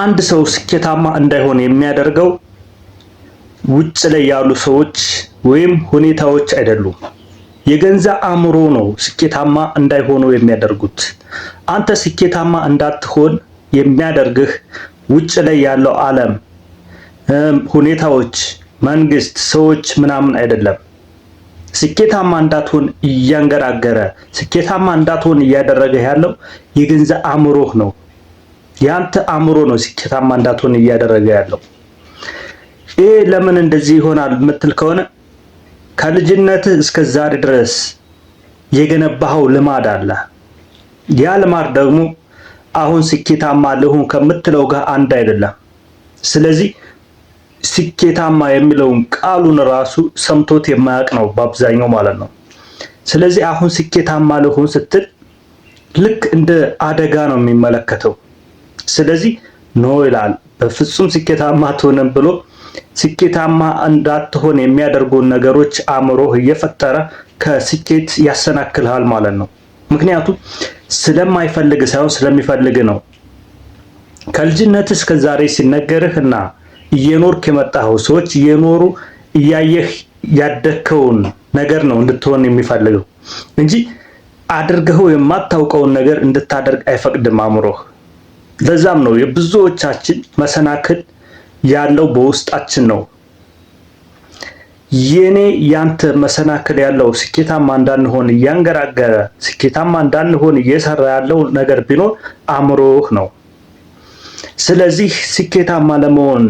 አንድ ሰው ስኬታማ እንዳይሆን የሚያደርገው ውጭ ላይ ያሉ ሰዎች ወይም ሁኔታዎች አይደሉም። የገንዘብ አእምሮ ነው ስኬታማ እንዳይሆኑ የሚያደርጉት። አንተ ስኬታማ እንዳትሆን የሚያደርግህ ውጭ ላይ ያለው ዓለም፣ ሁኔታዎች፣ መንግስት፣ ሰዎች ምናምን አይደለም። ስኬታማ እንዳትሆን እያንገራገረ ስኬታማ እንዳትሆን እያደረገ ያለው የገንዘብ አእምሮህ ነው። ያንተ አእምሮ ነው ስኬታማ እንዳትሆን እያደረገ ያለው። ይህ ለምን እንደዚህ ይሆናል የምትል ከሆነ ከልጅነትህ እስከ ዛሬ ድረስ የገነባኸው ልማድ አለ። ያ ልማድ ደግሞ አሁን ስኬታማ ልሁን ከምትለው ጋር አንድ አይደለም። ስለዚህ ስኬታማ የሚለውን ቃሉን ራሱ ሰምቶት የማያውቅ ነው በአብዛኛው ማለት ነው። ስለዚህ አሁን ስኬታማ ልሁን ስትል ልክ እንደ አደጋ ነው የሚመለከተው። ስለዚህ ኖ ይላል። በፍጹም ስኬታማ አትሆንም ብሎ ስኬታማ እንዳትሆን የሚያደርጉን ነገሮች አእምሮህ እየፈጠረ ከስኬት ያሰናክልሃል ማለት ነው። ምክንያቱም ስለማይፈልግ ሳይሆን ስለሚፈልግ ነው። ከልጅነት እስከ ዛሬ ሲነገርህ እና እየኖርክ የመጣኸው ሰዎች እየኖሩ እያየህ ያደግከውን ነገር ነው እንድትሆን የሚፈልገው እንጂ አድርገው የማታውቀውን ነገር እንድታደርግ አይፈቅድም አእምሮህ። ለዛም ነው የብዙዎቻችን መሰናክል ያለው በውስጣችን ነው። የኔ ያንተ መሰናክል ያለው ስኬታማ እንዳንሆን እያንገራገረ ስኬታማ እንዳንሆን እየሰራ ያለው ነገር ቢኖር አእምሮህ ነው። ስለዚህ ስኬታማ ለመሆን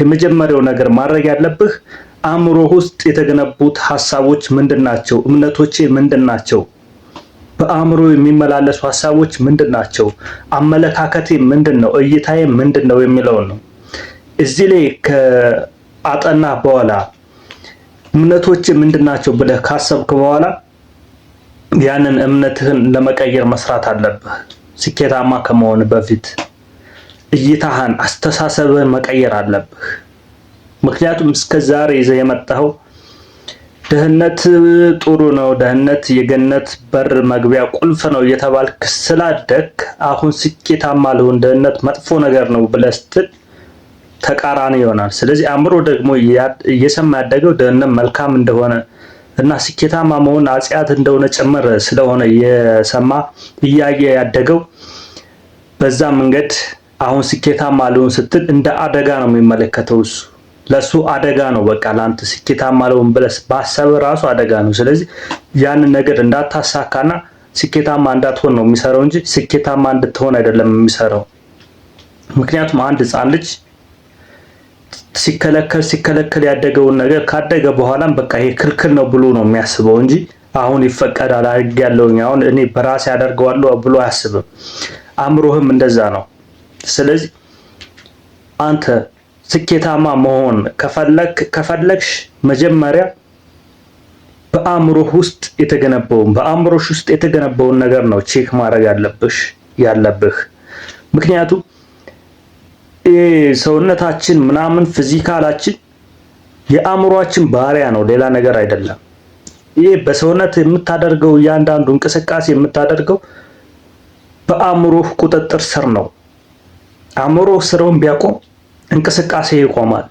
የመጀመሪያው ነገር ማድረግ ያለብህ አእምሮህ ውስጥ የተገነቡት ሀሳቦች ምንድን ናቸው? እምነቶቼ ምንድን ናቸው? በአእምሮ የሚመላለሱ ሀሳቦች ምንድን ናቸው? አመለካከቴ ምንድን ነው? እይታዬ ምንድን ነው የሚለውን ነው። እዚህ ላይ ከአጠና በኋላ እምነቶች ምንድን ናቸው ብለህ ካሰብክ በኋላ ያንን እምነትህን ለመቀየር መስራት አለብህ። ስኬታማ ከመሆን በፊት እይታህን፣ አስተሳሰብህን መቀየር አለብህ። ምክንያቱም እስከ ዛሬ ይዘህ የመጣኸው ድህነት ጥሩ ነው፣ ድህነት የገነት በር መግቢያ ቁልፍ ነው እየተባልክ ስላደግ አሁን ስኬታማ ልሆን ድህነት መጥፎ ነገር ነው ብለህ ስትል ተቃራኒ ይሆናል። ስለዚህ አእምሮ ደግሞ እየሰማ ያደገው ድህነት መልካም እንደሆነ እና ስኬታማ መሆን አጽያት እንደሆነ ጭምር ስለሆነ እየሰማ እያየ ያደገው በዛ መንገድ አሁን ስኬታማ ልሆን ስትል እንደ አደጋ ነው የሚመለከተው እሱ። ለሱ አደጋ ነው። በቃ ለአንተ ስኬታማ ለሆን ብለህ ባሰብ ራሱ አደጋ ነው። ስለዚህ ያንን ነገር እንዳታሳካና ስኬታማ እንዳትሆን ነው የሚሰራው እንጂ ስኬታማ እንድትሆን አይደለም የሚሰራው። ምክንያቱም አንድ ህፃን ልጅ ሲከለከል ሲከለከል ያደገውን ነገር ካደገ በኋላም በቃ ይሄ ክልክል ነው ብሎ ነው የሚያስበው እንጂ አሁን ይፈቀዳል አድርግ ያለውኝ አሁን እኔ በራሴ አደርገዋለሁ ብሎ አያስብም። አእምሮህም እንደዛ ነው። ስለዚህ አንተ ስኬታማ መሆን ከፈለክ ከፈለግሽ መጀመሪያ በአእምሮህ ውስጥ የተገነባውን በአእምሮሽ ውስጥ የተገነባውን ነገር ነው ቼክ ማድረግ ያለብሽ ያለብህ። ምክንያቱም ሰውነታችን ምናምን ፊዚካላችን የአእምሯችን ባህሪያ ነው፣ ሌላ ነገር አይደለም። ይህ በሰውነት የምታደርገው እያንዳንዱ እንቅስቃሴ የምታደርገው በአእምሮህ ቁጥጥር ስር ነው። አእምሮህ ስራውን ቢያቆም እንቅስቃሴ ይቆማል።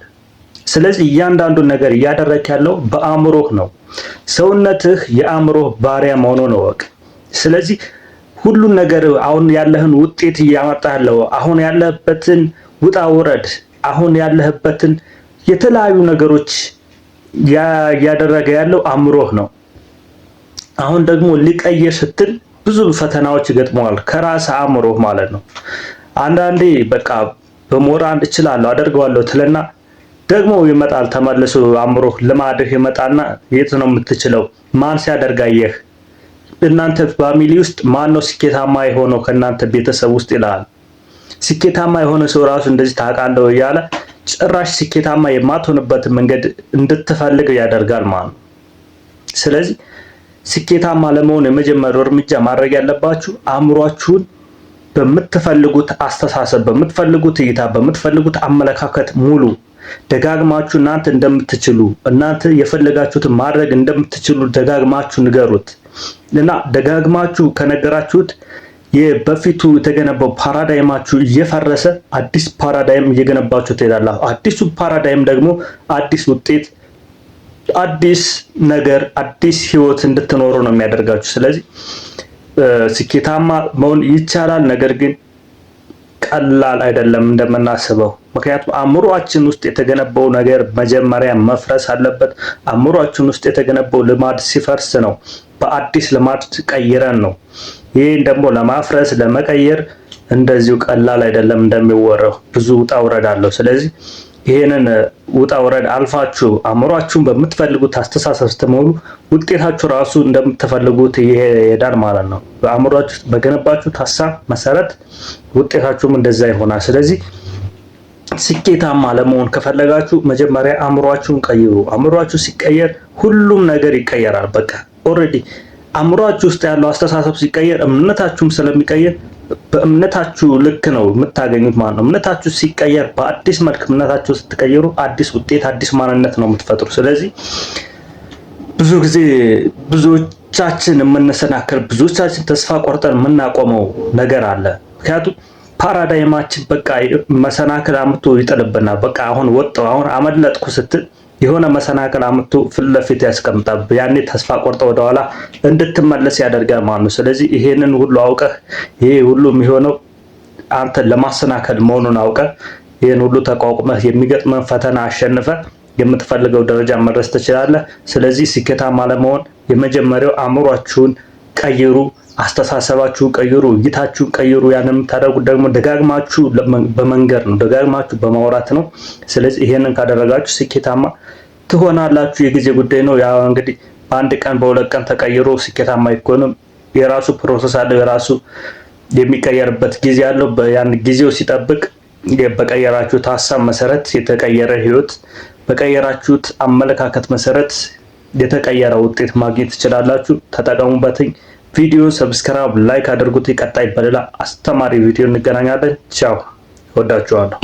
ስለዚህ እያንዳንዱን ነገር እያደረክ ያለው በአእምሮህ ነው። ሰውነትህ የአእምሮህ ባሪያ መሆኑን እወቅ። ስለዚህ ሁሉን ነገር አሁን ያለህን ውጤት እያመጣ አሁን ያለህበትን ውጣ ውረድ፣ አሁን ያለህበትን የተለያዩ ነገሮች እያደረገ ያለው አእምሮህ ነው። አሁን ደግሞ ሊቀይር ስትል ብዙ ፈተናዎች ይገጥመዋል፣ ከራስ አእምሮህ ማለት ነው። አንዳንዴ በቃ በሞራል እችላለሁ አደርገዋለሁ ትለና ደግሞ ይመጣል ተመልሶ አምሮ ልማድህ ይመጣና የት ነው የምትችለው? ማን ሲያደርጋየህ? እናንተ ፋሚሊ ውስጥ ማን ነው ስኬታማ የሆነው ከእናንተ ቤተሰብ ውስጥ ይላል። ስኬታማ የሆነ ሰው ራሱ እንደዚህ ታውቃለሁ እያለ ጭራሽ ስኬታማ የማትሆንበት መንገድ እንድትፈልግ ያደርጋል ማለት ነው። ስለዚህ ስኬታማ ለመሆን የመጀመሪያው እርምጃ ማድረግ ያለባችሁ አእምሯችሁን በምትፈልጉት አስተሳሰብ፣ በምትፈልጉት እይታ፣ በምትፈልጉት አመለካከት ሙሉ ደጋግማችሁ እናንተ እንደምትችሉ እናንተ የፈለጋችሁትን ማድረግ እንደምትችሉ ደጋግማችሁ ንገሩት እና ደጋግማችሁ ከነገራችሁት በፊቱ የተገነባው ፓራዳይማችሁ እየፈረሰ አዲስ ፓራዳይም እየገነባችሁ ትሄዳላችሁ። አዲሱ ፓራዳይም ደግሞ አዲስ ውጤት፣ አዲስ ነገር፣ አዲስ ህይወት እንድትኖሩ ነው የሚያደርጋችሁ። ስለዚህ ስኬታማ መሆን ይቻላል። ነገር ግን ቀላል አይደለም እንደምናስበው። ምክንያቱም አእምሯችን ውስጥ የተገነባው ነገር መጀመሪያ መፍረስ አለበት። አእምሮአችን ውስጥ የተገነባው ልማድ ሲፈርስ ነው በአዲስ ልማድ ቀይረን ነው። ይህን ደግሞ ለማፍረስ ለመቀየር እንደዚሁ ቀላል አይደለም እንደሚወራው ብዙ ውጣ ውረድ አለው። ስለዚህ ይህንን ውጣ ውረድ አልፋችሁ አእምሯችሁን በምትፈልጉት አስተሳሰብ ስትሞሉ ውጤታችሁ ራሱ እንደምትፈልጉት ይሄዳል ማለት ነው። በአእምሯችሁ በገነባችሁት ሀሳብ መሰረት ውጤታችሁም እንደዛ ይሆናል። ስለዚህ ስኬታማ ለመሆን ከፈለጋችሁ መጀመሪያ አእምሯችሁን ቀይሩ። አእምሯችሁ ሲቀየር ሁሉም ነገር ይቀየራል። በቃ ኦልሬዲ አእምሯችሁ ውስጥ ያለው አስተሳሰብ ሲቀየር እምነታችሁም ስለሚቀየር በእምነታችሁ ልክ ነው የምታገኙት ማለት ነው። እምነታችሁ ሲቀየር በአዲስ መልክ እምነታችሁ ስትቀየሩ አዲስ ውጤት፣ አዲስ ማንነት ነው የምትፈጥሩ። ስለዚህ ብዙ ጊዜ ብዙዎቻችን የምንሰናከል፣ ብዙዎቻችን ተስፋ ቆርጠን የምናቆመው ነገር አለ። ምክንያቱም ፓራዳይማችን በቃ መሰናክል አምቶ ይጥልብናል። በቃ አሁን ወጣሁ፣ አሁን አመለጥኩ ስትል የሆነ መሰናክል አምጥቶ ፊት ለፊት ያስቀምጣል። ያኔ ተስፋ ቆርጠ ወደኋላ እንድትመለስ ያደርጋል ማለት ነው። ስለዚህ ይሄንን ሁሉ አውቀህ ይሄ ሁሉ የሚሆነው አንተ ለማሰናከል መሆኑን አውቀህ ይህን ሁሉ ተቋቁመህ የሚገጥመን ፈተና አሸንፈ የምትፈልገው ደረጃ መድረስ ትችላለህ። ስለዚህ ስኬታማ ለመሆን የመጀመሪያው አእምሯችሁን ቀይሩ፣ አስተሳሰባችሁ ቀይሩ፣ እይታችሁን ቀይሩ። ያን የምታደርጉት ደግሞ ደጋግማችሁ በመንገር ነው፣ ደጋግማችሁ በማውራት ነው። ስለዚህ ይሄንን ካደረጋችሁ ስኬታማ ትሆናላችሁ። የጊዜ ጉዳይ ነው። ያው እንግዲህ በአንድ ቀን በሁለት ቀን ተቀይሮ ስኬታማ አይኮንም። የራሱ ፕሮሰስ አለው፣ የራሱ የሚቀየርበት ጊዜ አለው። ያን ጊዜው ሲጠብቅ በቀየራችሁት ሀሳብ መሰረት የተቀየረ ህይወት፣ በቀየራችሁት አመለካከት መሰረት የተቀየረ ውጤት ማግኘት ትችላላችሁ። ተጠቀሙበትኝ። ቪዲዮ ሰብስክራይብ፣ ላይክ አድርጉት። ቀጣይ በሌላ አስተማሪ ቪዲዮ እንገናኛለን። ቻው፣ ወዳችኋለሁ።